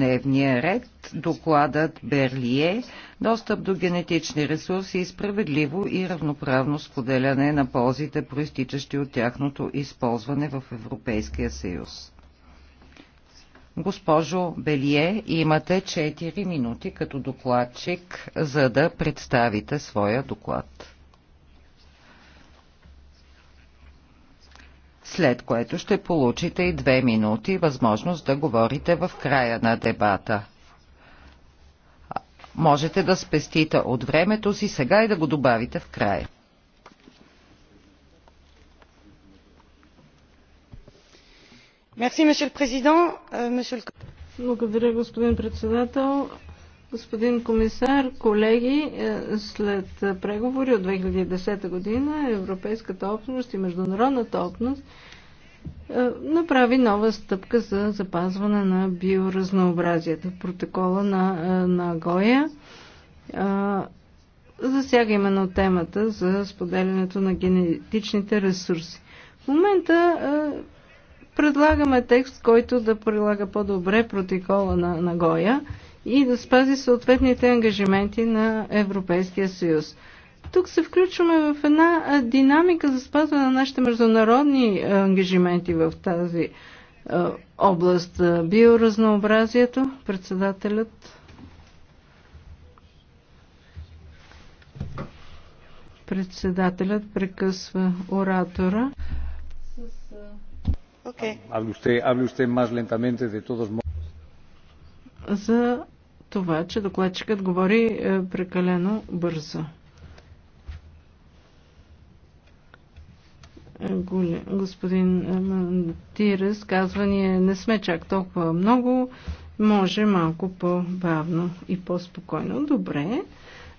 дневния ред докладът Берлие «Достъп до генетични ресурси и справедливо и равноправно споделяне на ползите, проистичащи от тяхното използване в Европейския съюз». Госпожо Белие, имате 4 минути като докладчик, за да представите своя доклад. след което ще получите и две минути възможност да говорите в края на дебата. Можете да спестите от времето си сега и да го добавите в края. Euh, Благодаря, господин председател. Господин комисар, колеги, е, след преговори от 2010 година Европейската общност и Международната общност е, направи нова стъпка за запазване на биоразнообразието. Протокола на, е, на Гоя засяга именно темата за споделянето на генетичните ресурси. В момента предлагаме текст, който да прилага по-добре протокола на, на Гоя – и да спази съответните ангажименти на Европейския съюз. Тук се включваме в една динамика за спазване на нашите международни ангажименти в тази област. Биоразнообразието, председателят. Председателят прекъсва оратора. Okay. за това, че докладчикът говори е, прекалено бързо. Е, господин е, Тирес казва, ние не сме чак толкова много, може малко по-бавно и по-спокойно. Добре,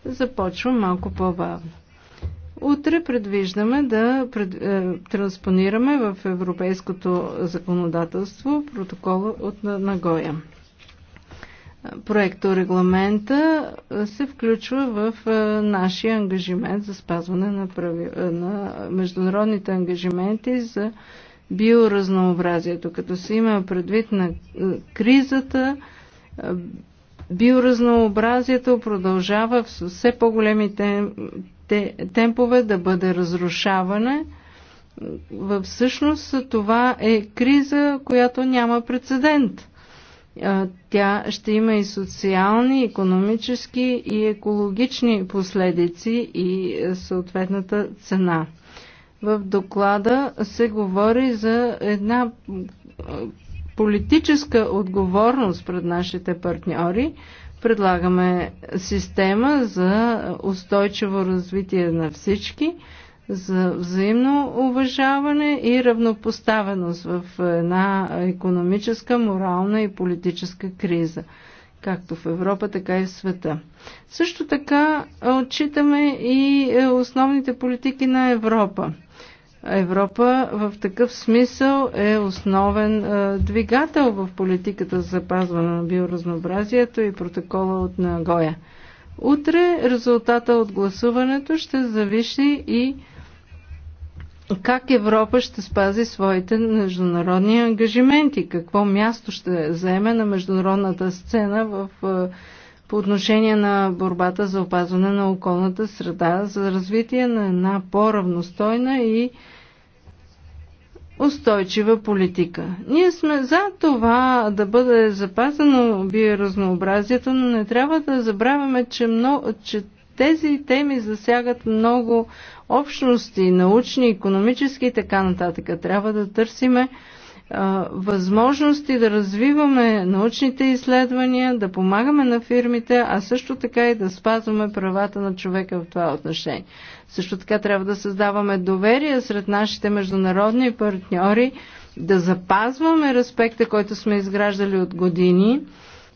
започвам малко по-бавно. Утре предвиждаме да пред, е, транспонираме в европейското законодателство протокола от Нагоя проекто регламента се включва в нашия ангажимент за спазване на, прави... на международните ангажименти за биоразнообразието. Като се има предвид на кризата, биоразнообразието продължава в все по-големи темпове да бъде разрушаване. Всъщност това е криза, която няма прецедент – тя ще има и социални, економически и екологични последици и е, съответната цена. В доклада се говори за една политическа отговорност пред нашите партньори. Предлагаме система за устойчиво развитие на всички за взаимно уважаване и равнопоставеност в една економическа, морална и политическа криза, както в Европа, така и в света. Също така отчитаме и е, основните политики на Европа. Европа в такъв смисъл е основен двигател в политиката за запазване на биоразнообразието и протокола от Нагоя. Утре резултата от гласуването ще завиши и как Европа ще спази своите международни ангажименти, какво място ще заеме на международната сцена в, е, по отношение на борбата за опазване на околната среда, за развитие на една по-равностойна и устойчива политика. Ние сме за това да бъде запазено биоразнообразието, но не трябва да забравяме, че, много, че тези теми засягат много общности, научни, економически и така нататък. Трябва да търсиме възможности да развиваме научните изследвания, да помагаме на фирмите, а също така и да спазваме правата на човека в това отношение. Също така трябва да създаваме доверие сред нашите международни партньори, да запазваме респекта, който сме изграждали от години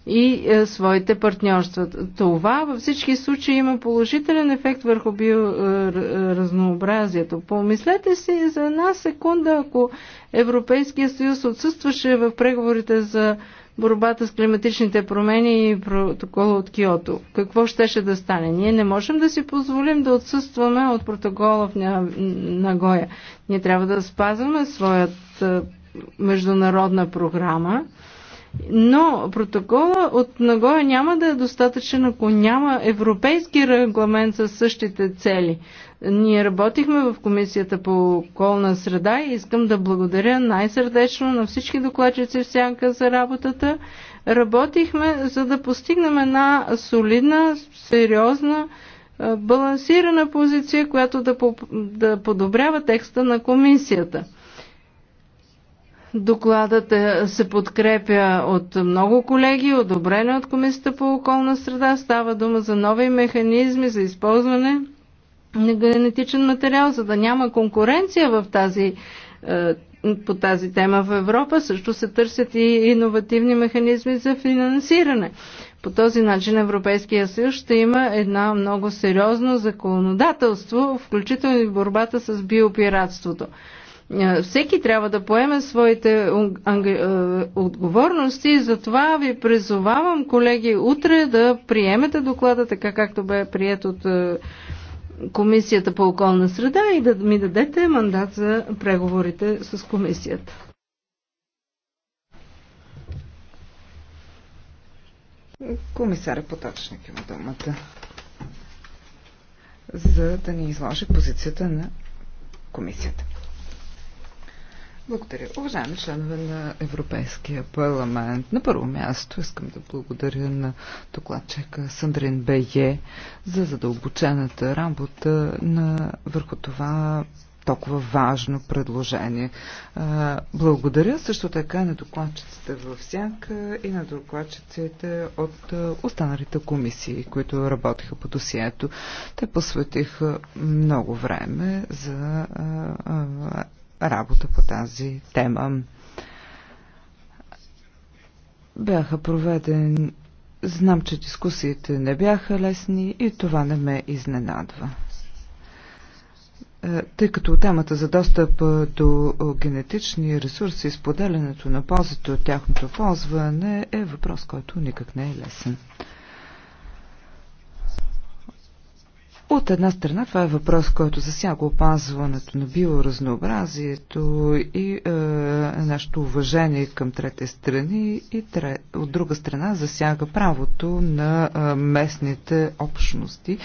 и е, своите партньорства. Това във всички случаи има положителен ефект върху биоразнообразието. Помислете си за една секунда, ако Европейския съюз отсъстваше в преговорите за борбата с климатичните промени и протокола от Киото. Какво щеше да стане? Ние не можем да си позволим да отсъстваме от протокола в Нагоя. Ние трябва да спазваме своят е, международна програма но протокола от Нагоя няма да е достатъчен, ако няма европейски регламент със същите цели. Ние работихме в Комисията по околна среда и искам да благодаря най-сърдечно на всички докладчици в Сянка за работата. Работихме за да постигнем една солидна, сериозна, балансирана позиция, която да, да подобрява текста на Комисията. Докладът е, се подкрепя от много колеги, одобрени е от Комисията по околна среда. Става дума за нови механизми за използване на генетичен материал, за да няма конкуренция в тази, е, по тази тема в Европа. Също се търсят и иновативни механизми за финансиране. По този начин Европейския съюз ще има една много сериозно законодателство, включително и борбата с биопиратството. Е, всеки трябва да поеме своите е, отговорности, затова ви призовавам, колеги, утре да приемете доклада така, както бе прият от е, Комисията по околна среда и да ми дадете мандат за преговорите с комисията. Комисаря Поточник има думата, за да ни изложи позицията на комисията. Благодаря. Уважаеми членове на Европейския парламент, на първо място искам да благодаря на докладчика Сандрин Бее за задълбочената работа на върху това толкова важно предложение. Благодаря също така на докладчиците в Сянка и на докладчиците от останалите комисии, които работиха по досието. Те посветиха много време за работа по тази тема. Бяха проведени. Знам, че дискусиите не бяха лесни и това не ме изненадва е, тъй като темата за достъп е, до е, генетични ресурси и споделянето на ползите от тяхното ползване е въпрос, който никак не е лесен. От една страна това е въпрос, който засяга опазването на биоразнообразието и е, нашето уважение към трети страни и тре, от друга страна засяга правото на е, местните общности е,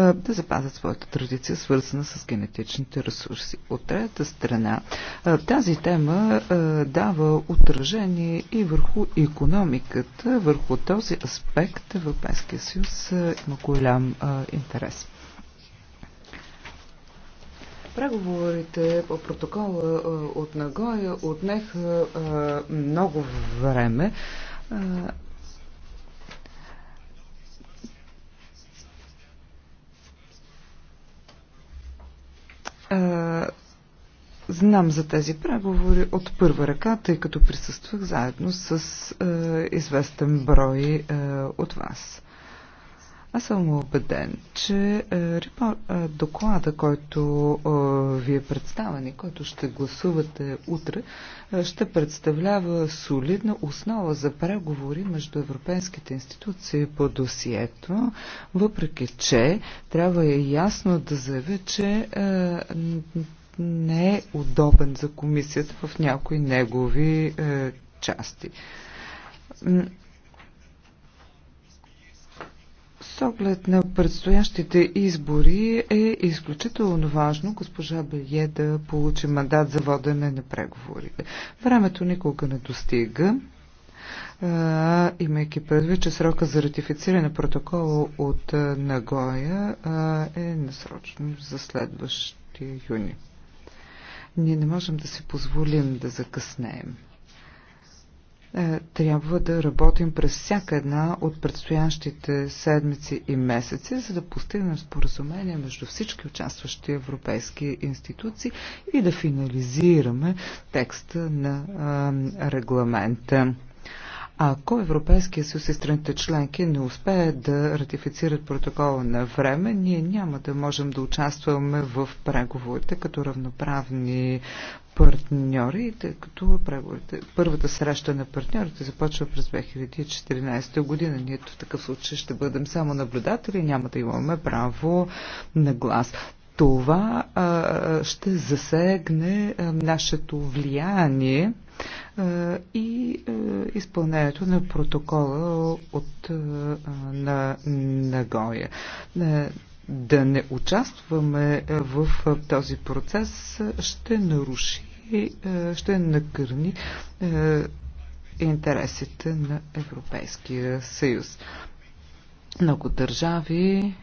да запазят своята традиция, свързана с генетичните ресурси. От трета страна е, тази тема е, дава отражение и върху економиката, върху този аспект Европейския съюз е, има голям е, интерес. Преговорите по протокола е, от Нагоя отнеха е, много време. Е, знам за тези преговори от първа ръка, тъй като присъствах заедно с известен брой от вас. Аз съм убеден, че е, е, доклада, който е, ви е представен и който ще гласувате утре, ще представлява солидна основа за преговори между европейските институции по досието, въпреки че трябва е ясно да заявя, че не е удобен за комисията в някои негови части с оглед на предстоящите избори е изключително важно госпожа Белье да получи мандат за водене на преговорите. Времето никога не достига. А, имайки предвид, че срока за ратифициране на протокола от Нагоя а, е насрочен за следващия юни. Ние не можем да си позволим да закъснеем. Е, трябва да работим през всяка една от предстоящите седмици и месеци, за да постигнем споразумение между всички участващи европейски институции и да финализираме текста на е, регламента. Ако Европейския съюз и страните членки не успеят да ратифицират протокола на време, ние няма да можем да участваме в преговорите като равноправни партньори, тъй като първата среща на партньорите започва през 2014 година. Ние в такъв случай ще бъдем само наблюдатели и няма да имаме право на глас това а, ще засегне а, нашето влияние а, и а, изпълнението на протокола от а, на Нагоя. Е, да не участваме в този процес ще наруши, е, ще накърни е, интересите на Европейския съюз. Много държави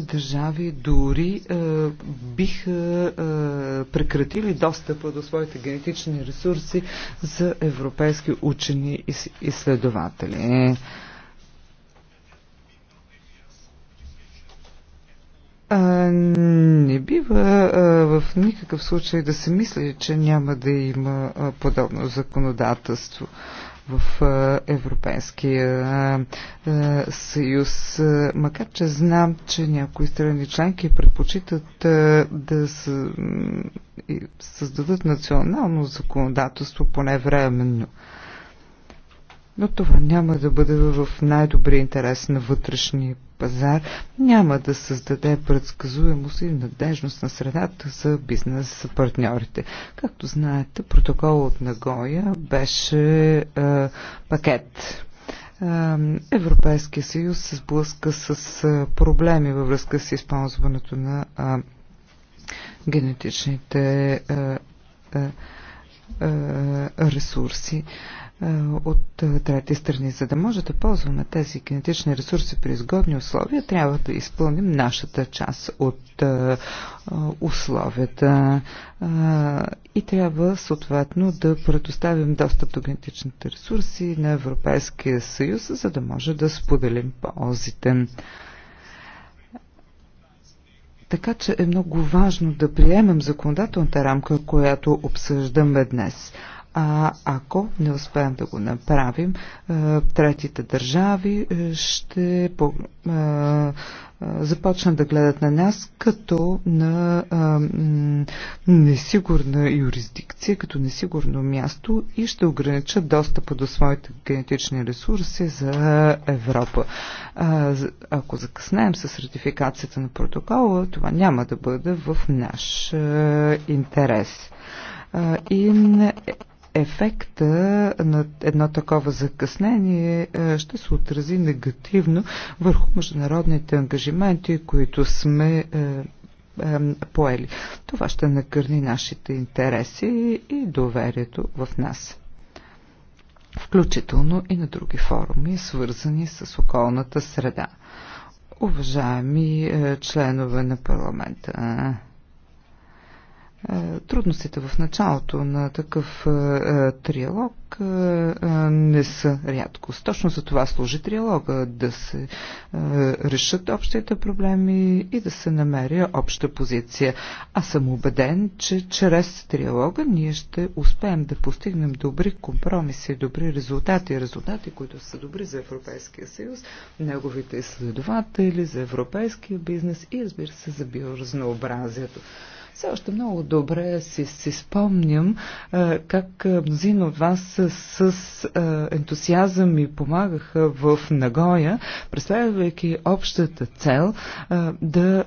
държави дори е, биха е, е, прекратили достъпа до своите генетични ресурси за европейски учени и изследователи. Е, не бива е, в никакъв случай да се мисли, че няма да има подобно законодателство в Европейския съюз. Макар, че знам, че някои страни членки предпочитат да създадат национално законодателство, поне временно. Но това няма да бъде в най-добрия интерес на вътрешния пазар няма да създаде предсказуемост и надежност на средата за бизнес партньорите. Както знаете, протокол от Нагоя беше е, пакет. Е, Европейския съюз се сблъска с е, проблеми във връзка с използването на е, генетичните ресурси от трети страни. За да може да ползваме тези кинетични ресурси при изгодни условия, трябва да изпълним нашата част от условията и трябва съответно да предоставим достъп до генетичните ресурси на Европейския съюз, за да може да споделим ползите. Така че е много важно да приемем законодателната рамка, която обсъждаме днес. А ако не успеем да го направим, е, третите държави е, ще е, започнат да гледат на нас като на несигурна юрисдикция, като несигурно място и ще ограничат достъпа до своите генетични ресурси за Европа. Ако закъснем с ратификацията на протокола, това няма да бъде в наш интерес. И Ефекта на едно такова закъснение е, ще се отрази негативно върху международните ангажименти, които сме е, е, поели. Това ще накърни нашите интереси и доверието в нас. Включително и на други форуми, свързани с околната среда. Уважаеми членове на парламента, е, трудностите в началото на такъв е, е, триалог не са рядко. Точно за това служи триалога да се решат общите проблеми и да се намери обща позиция. Аз съм убеден, че чрез триалога ние ще успеем да постигнем добри компромиси, добри резултати, резултати, които са добри за Европейския съюз, неговите изследователи, за европейския бизнес и разбира се за биоразнообразието. Все още много добре си, си спомням е, как е, мнозина от вас с, с е, ентусиазъм ми помагаха в Нагоя, преследвайки общата цел да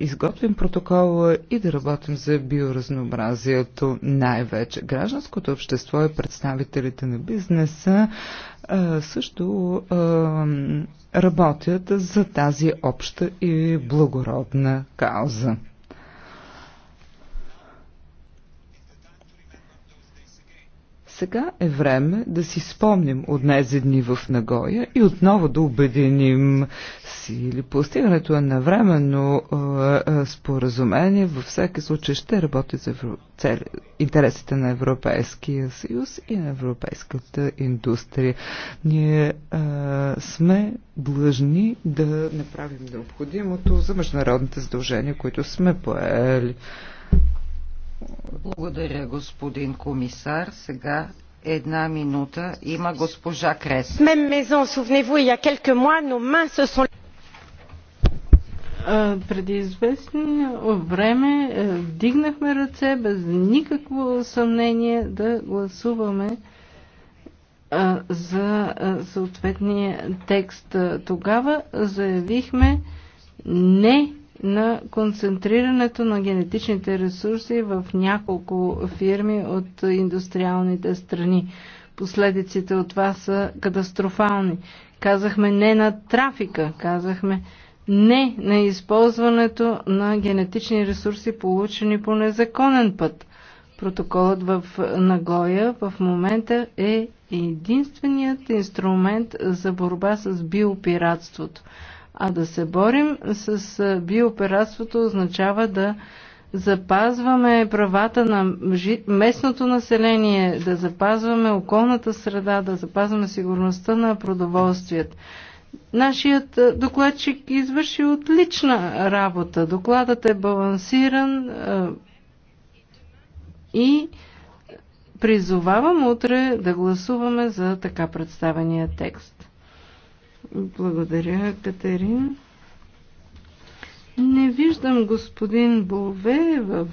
изготвим протокола и да работим за биоразнообразието най-вече. Гражданското общество и представителите на бизнеса също работят за тази обща и благородна кауза. Сега е време да си спомним от тези дни в Нагоя и отново да обединим сили. Постигането е на временно споразумение във всеки случай ще работи за евро... цели... интересите на Европейския съюз и на европейската индустрия. Ние а, сме длъжни да направим необходимото за международните задължения, които сме поели. Благодаря, господин комисар. Сега една минута има госпожа Крес. Преди известно време вдигнахме ръце без никакво съмнение да гласуваме за съответния текст. Тогава заявихме не на концентрирането на генетичните ресурси в няколко фирми от индустриалните страни. Последиците от това са катастрофални. Казахме не на трафика, казахме не на използването на генетични ресурси, получени по незаконен път. Протоколът в Нагоя в момента е единственият инструмент за борба с биопиратството а да се борим с биопиратството означава да запазваме правата на местното население, да запазваме околната среда, да запазваме сигурността на продоволствият. Нашият докладчик извърши отлична работа. Докладът е балансиран и призовавам утре да гласуваме за така представения текст. Благодаря, Катерин. Не виждам господин Бове в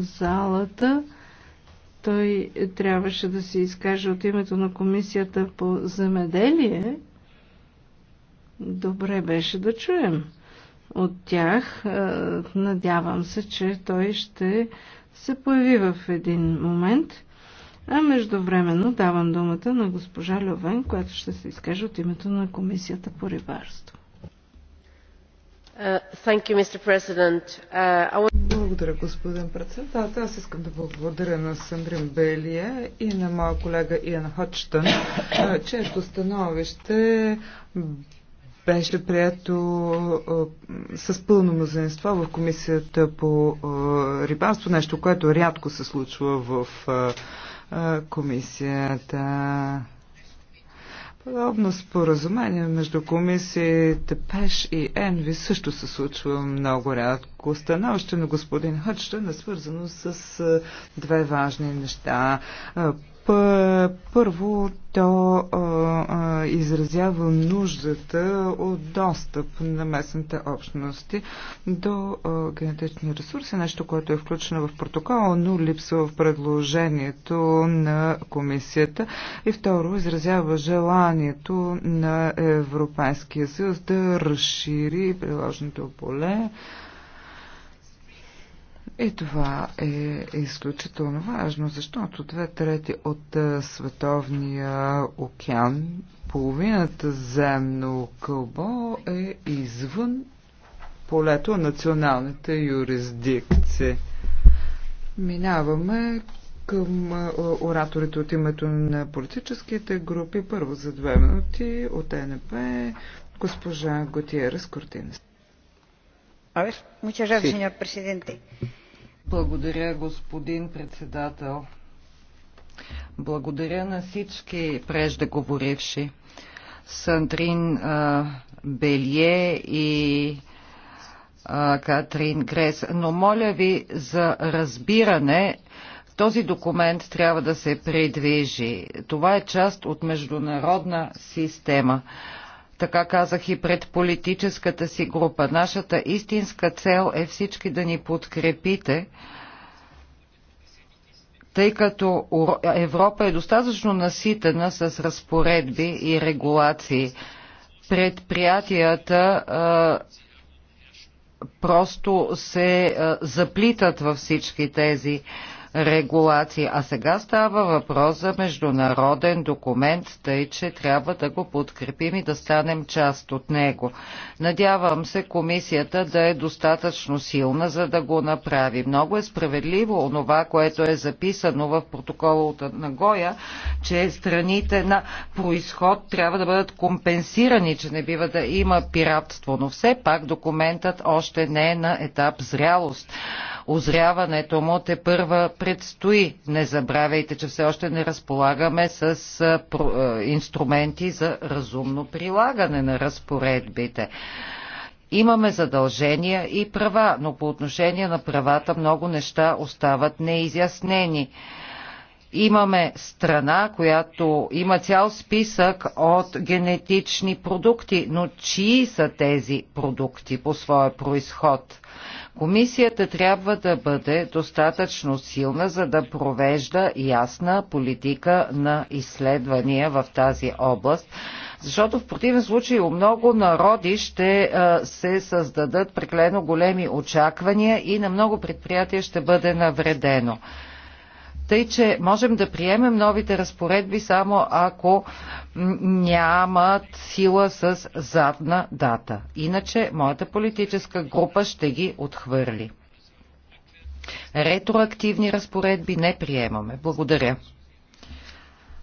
залата. Той трябваше да се изкаже от името на комисията по земеделие. Добре беше да чуем от тях. Надявам се, че той ще се появи в един момент. А междувременно давам думата на госпожа Льовен, която ще се изкаже от името на Комисията по рибарство. Uh, uh, благодаря, господин председател. Аз искам да благодаря на Сандрин Белия и на моя колега Иан Ходжтън, uh, чието становище беше прието с пълно мнозинство в Комисията по рибанство, нещо, което рядко се случва в комисията. Подобно споразумение между комисиите ПЕШ и ЕНВИ също се случва много рядко. Становище на господин Хъчтън е свързано с две важни неща първо, то а, а, изразява нуждата от достъп на местните общности до а, генетични ресурси, нещо, което е включено в протокола, но липсва в предложението на комисията. И второ, изразява желанието на Европейския съюз да разшири приложното поле. А, и това е изключително важно, защото две трети от е, световния океан, половината земно кълбо е извън полето на националната юрисдикция. Минаваме към е, ораторите от името на политическите групи. Първо за две минути от ЕНП госпожа Готиерес Скортинес. A ver, muchas gracias, sí. señor presidente. Благодаря, господин председател. Благодаря на всички преждеговоривши. Сандрин а, Белие и а, Катрин Грес. Но моля ви за разбиране, този документ трябва да се придвижи. Това е част от международна система. Така казах и пред политическата си група. Нашата истинска цел е всички да ни подкрепите, тъй като Европа е достатъчно наситена с разпоредби и регулации. Предприятията а, просто се а, заплитат във всички тези а, регулации. А сега става въпрос за международен документ, тъй че трябва да го подкрепим и да станем част от него. Надявам се комисията да е достатъчно силна, за да го направи. Много е справедливо онова, което е записано в протокола от Нагоя, че страните на происход трябва да бъдат компенсирани, че не бива да има пиратство. Но все пак документът още не е на етап зрялост. Озряването му те първа предстои. Не забравяйте, че все още не разполагаме с инструменти за разумно прилагане на разпоредбите. Имаме задължения и права, но по отношение на правата много неща остават неизяснени имаме страна, която има цял списък от генетични продукти, но чии са тези продукти по своя происход? Комисията трябва да бъде достатъчно силна, за да провежда ясна политика на изследвания в тази област, защото в противен случай у много народи ще се създадат преклено големи очаквания и на много предприятия ще бъде навредено. Тъй, че можем да приемем новите разпоредби само ако нямат сила с задна дата. Иначе моята политическа група ще ги отхвърли. Ретроактивни разпоредби не приемаме. Благодаря.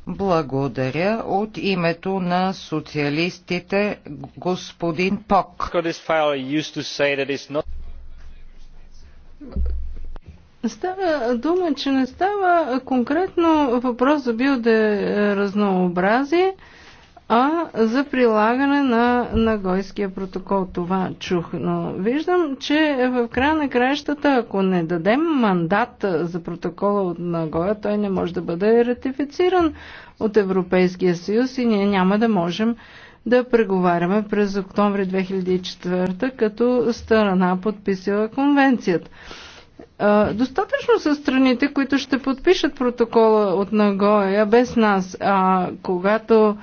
Благодаря. От името на социалистите, господин Пок. Става дума, че не става конкретно въпрос за биоразнообразие, а за прилагане на Нагойския протокол. Това чух, но виждам, че в края на краищата, ако не дадем мандат за протокола от Нагоя, той не може да бъде ратифициран от Европейския съюз и ние няма да можем да преговаряме през октомври 2004 като страна подписала конвенцията достатъчно са страните, които ще подпишат протокола от Нагоя без нас. А когато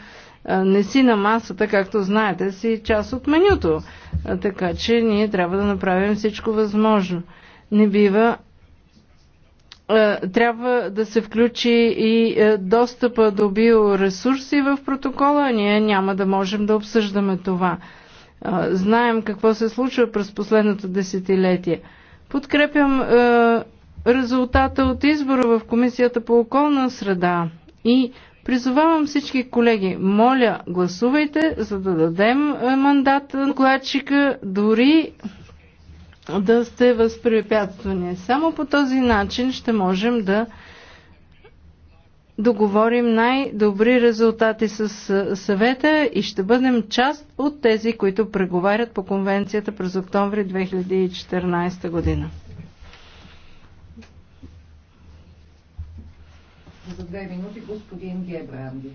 не си на масата, както знаете, си част от менюто. Така че ние трябва да направим всичко възможно. Не бива. Трябва да се включи и достъпа до биоресурси в протокола, а ние няма да можем да обсъждаме това. Знаем какво се случва през последното десетилетие. Подкрепям е, резултата от избора в Комисията по околна среда и призовавам всички колеги, моля, гласувайте, за да дадем е, мандат на докладчика, дори да сте възпрепятствани. Само по този начин ще можем да договорим най-добри резултати с съвета и ще бъдем част от тези, които преговарят по конвенцията през октомври 2014 година. За две минути господин Гебранди.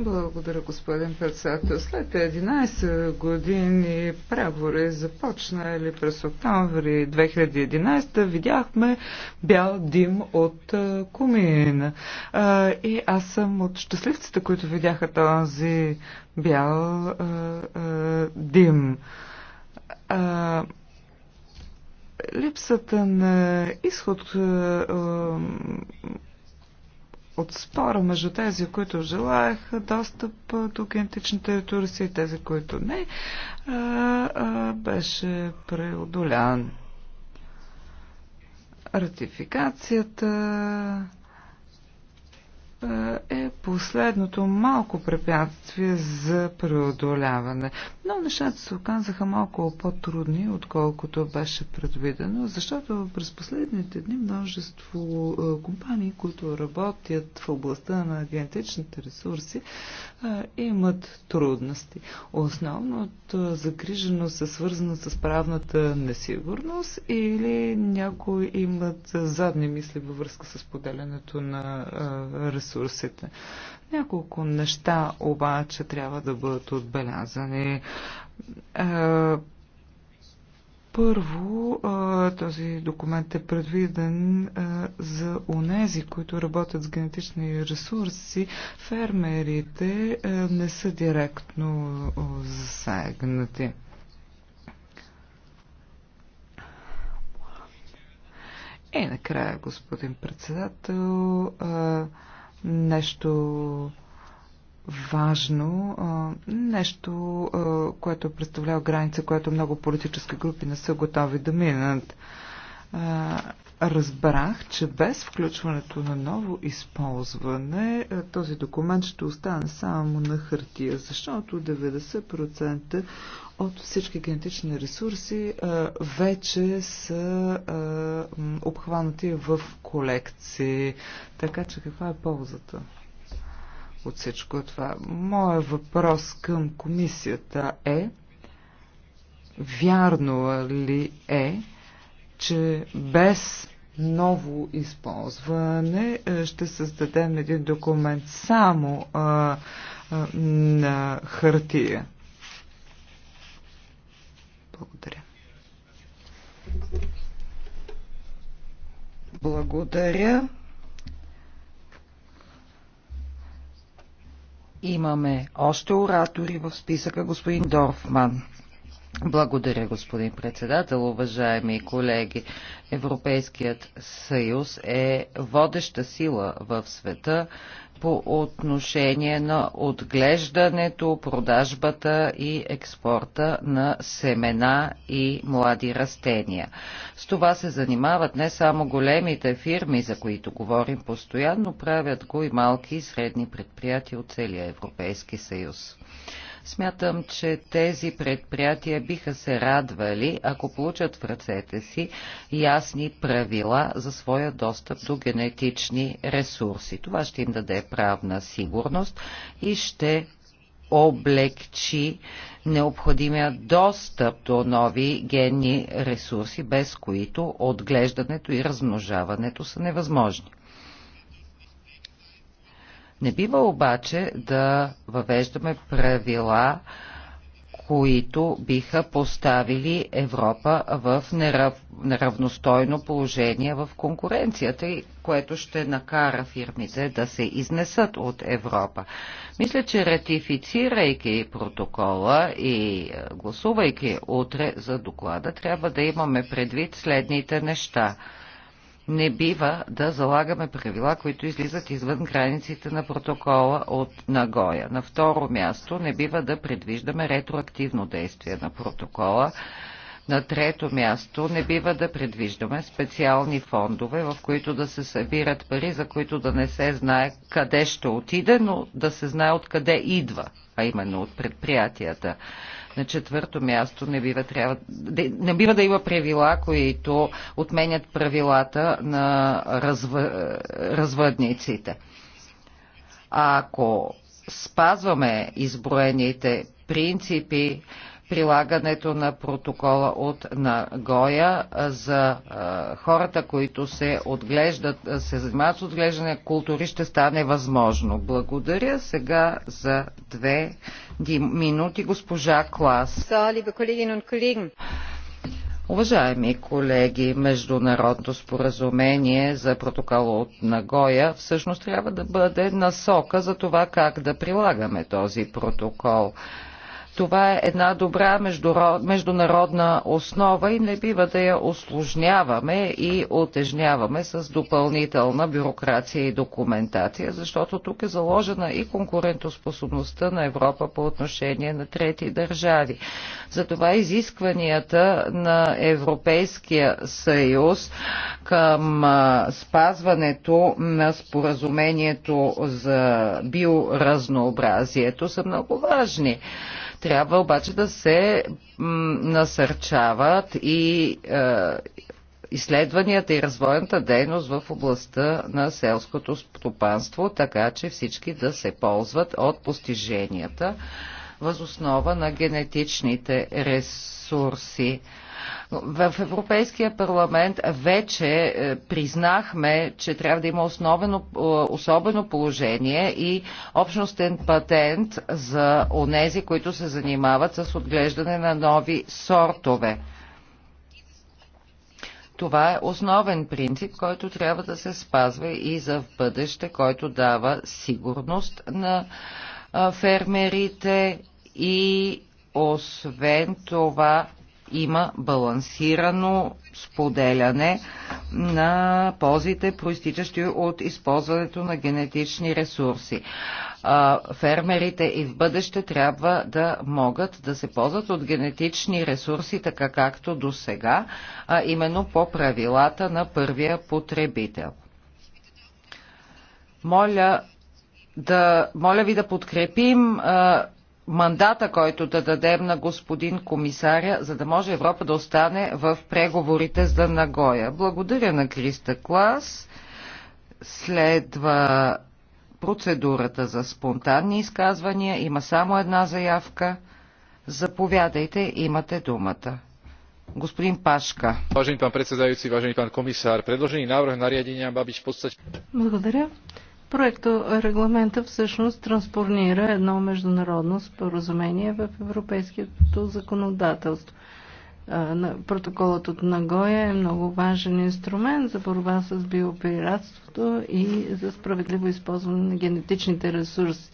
Благодаря, господин председател. След 11 години преговори започнали през октомври 2011 видяхме бял дим от комина. И аз съм от щастливците, които видяха този бял а, а, дим. А, липсата на изход а, от спора между тези, които желаяха достъп до генетични ресурси и тези, които не, а, а, беше преодолян. Ратификацията е последното малко препятствие за преодоляване. Но нещата се оказаха малко по-трудни, отколкото беше предвидено, защото през последните дни множество е, компании, които работят в областта на генетичните ресурси, е, имат трудности. Основното загриженост е свързана с правната несигурност или някои имат задни мисли във връзка с поделянето на ресурси ресурсите. Няколко неща обаче трябва да бъдат отбелязани. Е, първо, е, този документ е предвиден е, за онези, които работят с генетични ресурси. Фермерите не са директно засегнати. И накрая, господин председател, нещо важно, нещо, което представлява граница, която много политически групи не са готови да минат. Разбрах, че без включването на ново използване този документ ще остане само на хартия, защото 90% от всички генетични ресурси вече са обхванати в колекции. Така че каква е ползата от всичко това? Моя въпрос към комисията е вярно ли е, че без ново използване ще създадем един документ само а, а, на хартия? Благодаря. Благодаря. Имаме още оратори в списъка господин Дорфман. Благодаря, господин председател. Уважаеми колеги, Европейският съюз е водеща сила в света по отношение на отглеждането, продажбата и експорта на семена и млади растения. С това се занимават не само големите фирми, за които говорим постоянно, правят го и малки и средни предприятия от целия Европейски съюз. Смятам, че тези предприятия биха се радвали, ако получат в ръцете си ясни правила за своя достъп до генетични ресурси. Това ще им даде правна сигурност и ще облегчи необходимия достъп до нови генни ресурси, без които отглеждането и размножаването са невъзможни. Не бива обаче да въвеждаме правила, които биха поставили Европа в нерав... неравностойно положение в конкуренцията, което ще накара фирмите да се изнесат от Европа. Мисля, че ратифицирайки протокола и е, гласувайки утре за доклада, трябва да имаме предвид следните неща – не бива да залагаме правила, които излизат извън границите на протокола от Нагоя. На второ място не бива да предвиждаме ретроактивно действие на протокола. На трето място не бива да предвиждаме специални фондове, в които да се събират пари, за които да не се знае къде ще отиде, но да се знае откъде идва, а именно от предприятията. На четвърто място не бива, трябва, не бива да има правила, които отменят правилата на развъ, развъдниците. Ако спазваме изброените принципи, прилагането на протокола от Нагоя за хората, които се отглеждат, се занимават с отглеждане култури, ще стане възможно. Благодаря сега за две минути госпожа Клас. Уважаеми колеги, Международното споразумение за протокола от Нагоя всъщност трябва да бъде насока за това как да прилагаме този протокол. Това е една добра международна основа и не бива да я осложняваме и отежняваме с допълнителна бюрокрация и документация, защото тук е заложена и конкурентоспособността на Европа по отношение на трети държави. Затова изискванията на Европейския съюз към спазването на споразумението за биоразнообразието са много важни. Трябва обаче да се насърчават и е, изследванията и развойната дейност в областта на селското стопанство, така че всички да се ползват от постиженията възоснова на генетичните ресурси. В Европейския парламент вече е, признахме, че трябва да има основено, е, особено положение и общностен патент за онези, които се занимават с отглеждане на нови сортове. Това е основен принцип, който трябва да се спазва и за в бъдеще, който дава сигурност на е, фермерите и освен това има балансирано споделяне на ползите, проистичащи от използването на генетични ресурси. Фермерите и в бъдеще трябва да могат да се ползват от генетични ресурси, така както до сега, а именно по правилата на първия потребител. Моля да, моля ви да подкрепим а, мандата, който да дадем на господин комисаря, за да може Европа да остане в преговорите за Нагоя. Благодаря на Криста Клас. Следва процедурата за спонтанни изказвания. Има само една заявка. Заповядайте, имате думата. Господин Пашка. Важен пан председající, важен пан комисар, предложени návrh на má byť Благодаря. Проекто регламента всъщност транспорнира едно международно споразумение в европейското законодателство. Протоколът от Нагоя е много важен инструмент за борба с биопиратството и за справедливо използване на генетичните ресурси.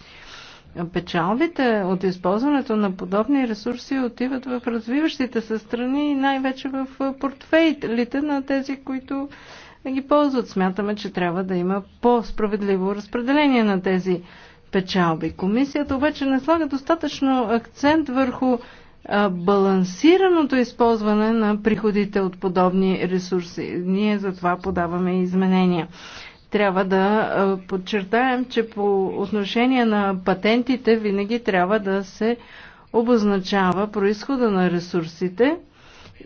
Печалбите от използването на подобни ресурси отиват в развиващите се страни и най-вече в портфейлите на тези, които да ги ползват. Смятаме, че трябва да има по-справедливо разпределение на тези печалби. Комисията обаче не слага достатъчно акцент върху балансираното използване на приходите от подобни ресурси. Ние за това подаваме изменения. Трябва да подчертаем, че по отношение на патентите винаги трябва да се обозначава происхода на ресурсите –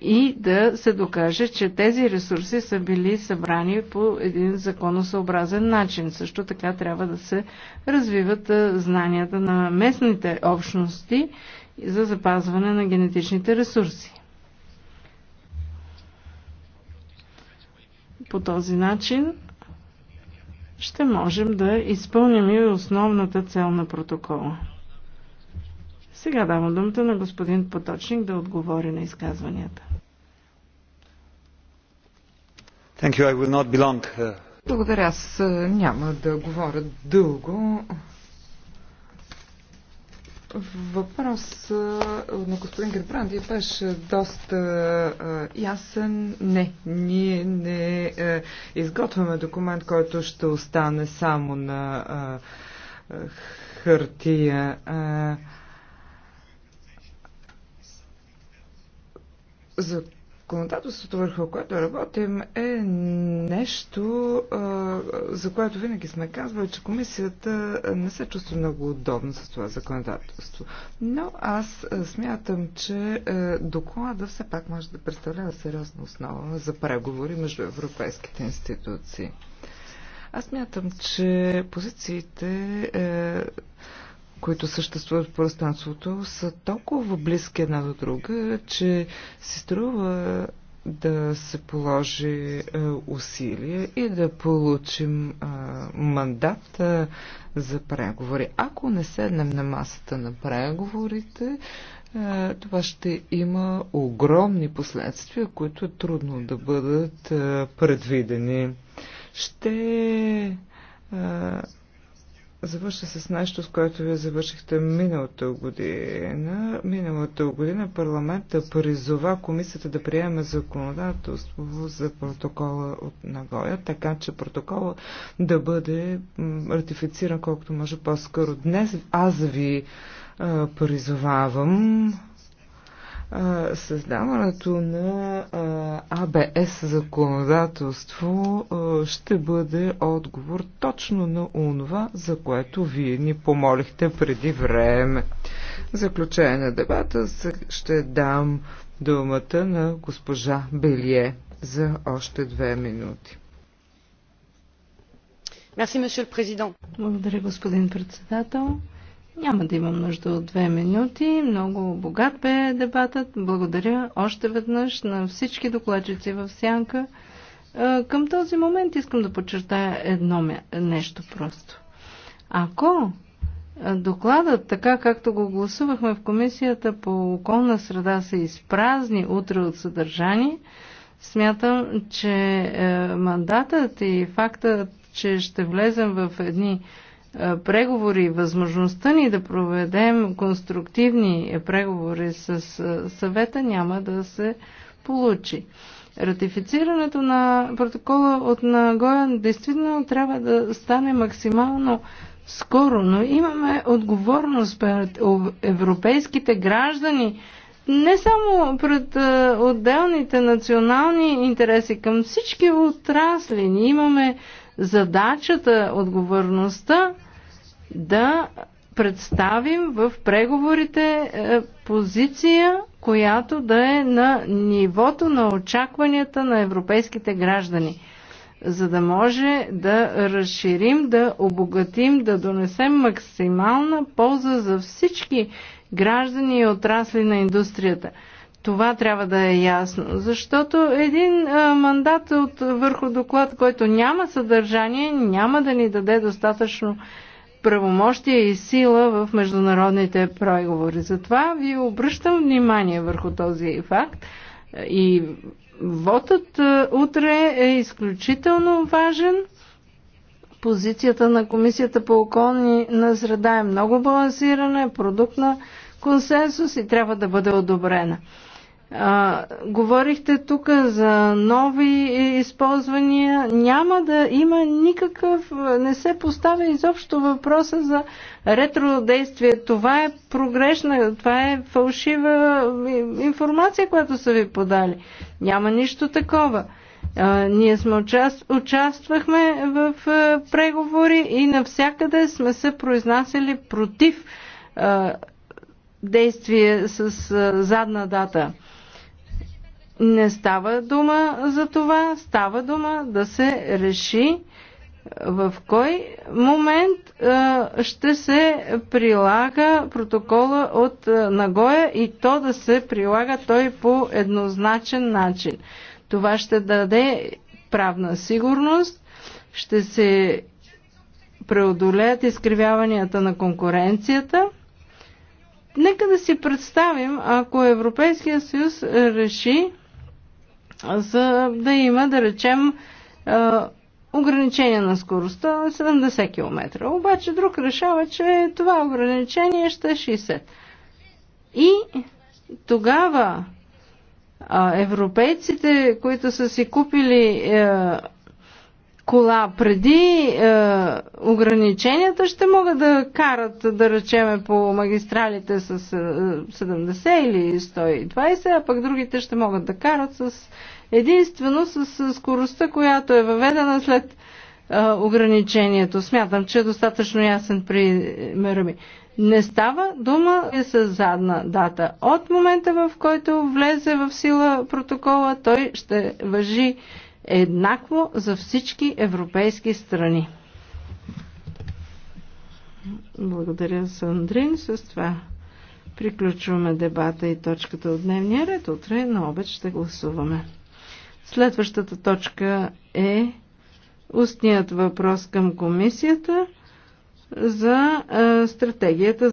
и да се докаже, че тези ресурси са били събрани по един законосъобразен начин. Също така трябва да се развиват знанията на местните общности за запазване на генетичните ресурси. По този начин ще можем да изпълним и основната цел на протокола. Сега давам думата на господин Поточник да отговори на изказванията. Thank you. I will not belong. Uh, Благодаря. Аз е, няма да говоря дълго. Въпрос е, на господин Гербранди беше доста е, ясен. Не, ние не изготвяме документ, който ще остане само на хартия. Законодателството, върху което работим, е нещо, за което винаги сме казвали, че комисията не се чувства много удобно с това законодателство. Но аз смятам, че доклада все пак може да представлява сериозна основа за преговори между европейските институции. Аз мятам, че позициите е, които съществуват в пространството, са толкова близки една до друга, че се струва да се положи е, усилие и да получим е, мандат е, за преговори. Ако не седнем на масата на преговорите, е, това ще има огромни последствия, които е трудно да бъдат е, предвидени. Ще е, завърша с нещо, с което вие завършихте миналата година. Миналата година парламента призова комисията да приеме законодателство за протокола от Нагоя, така че протокола да бъде ратифициран колкото може по-скоро. Днес аз ви призовавам Създаването на АБС законодателство ще бъде отговор точно на онова, за което вие ни помолихте преди време. заключение на дебата ще дам думата на госпожа Белие за още две минути. Благодаря, господин председател. Няма да имам нужда от две минути. Много богат бе дебатът. Благодаря още веднъж на всички докладчици в Сянка. Към този момент искам да подчертая едно нещо просто. Ако докладът, така както го гласувахме в Комисията по околна среда, се изпразни утре от съдържание, смятам, че е, мандатът и фактът, че ще влезем в едни е, преговори, възможността ни да проведем конструктивни преговори с е, съвета няма да се получи. Ратифицирането на протокола от Нагоя действително трябва да стане максимално скоро, но имаме отговорност пред европейските граждани, не само пред е, отделните национални интереси, към всички отрасли. Ние имаме задачата, отговорността да представим в преговорите е, позиция, която да е на нивото на очакванията на европейските граждани, за да може да разширим, да обогатим, да донесем максимална полза за всички граждани и отрасли на индустрията. Това трябва да е ясно, защото един а, мандат от върху доклад, който няма съдържание, няма да ни даде достатъчно правомощие и сила в международните преговори. Затова ви обръщам внимание върху този факт и Вотът утре е изключително важен. Позицията на Комисията по околни на среда е много балансирана, е продукт на консенсус и трябва да бъде одобрена. А, говорихте тук за нови използвания. Няма да има никакъв, не се поставя изобщо въпроса за ретродействие. Това е прогрешна, това е фалшива информация, която са ви подали. Няма нищо такова. А, ние сме участ... участвахме в а, преговори и навсякъде сме се произнасяли против а, действие с а, задна дата. Не става дума за това, става дума да се реши е, в кой момент е, ще се прилага протокола от е, Нагоя и то да се прилага той по еднозначен начин. Това ще даде правна сигурност, ще се преодолеят изкривяванията на конкуренцията. Нека да си представим, ако Европейския съюз реши за да има, да речем, ограничение на скоростта 70 км. Обаче друг решава, че това ограничение ще е 60. И тогава европейците, които са си купили е, кола преди е, ограниченията ще могат да карат, да речеме, по магистралите с е, 70 или 120, а пък другите ще могат да карат с единствено с, с скоростта, която е въведена след е, ограничението. Смятам, че е достатъчно ясен при ми. Не става дума е с задна дата. От момента, в който влезе в сила протокола, той ще въжи еднакво за всички европейски страни. Благодаря, Сандрин. С това приключваме дебата и точката от дневния ред. Утре на обед ще гласуваме. Следващата точка е устният въпрос към комисията за стратегията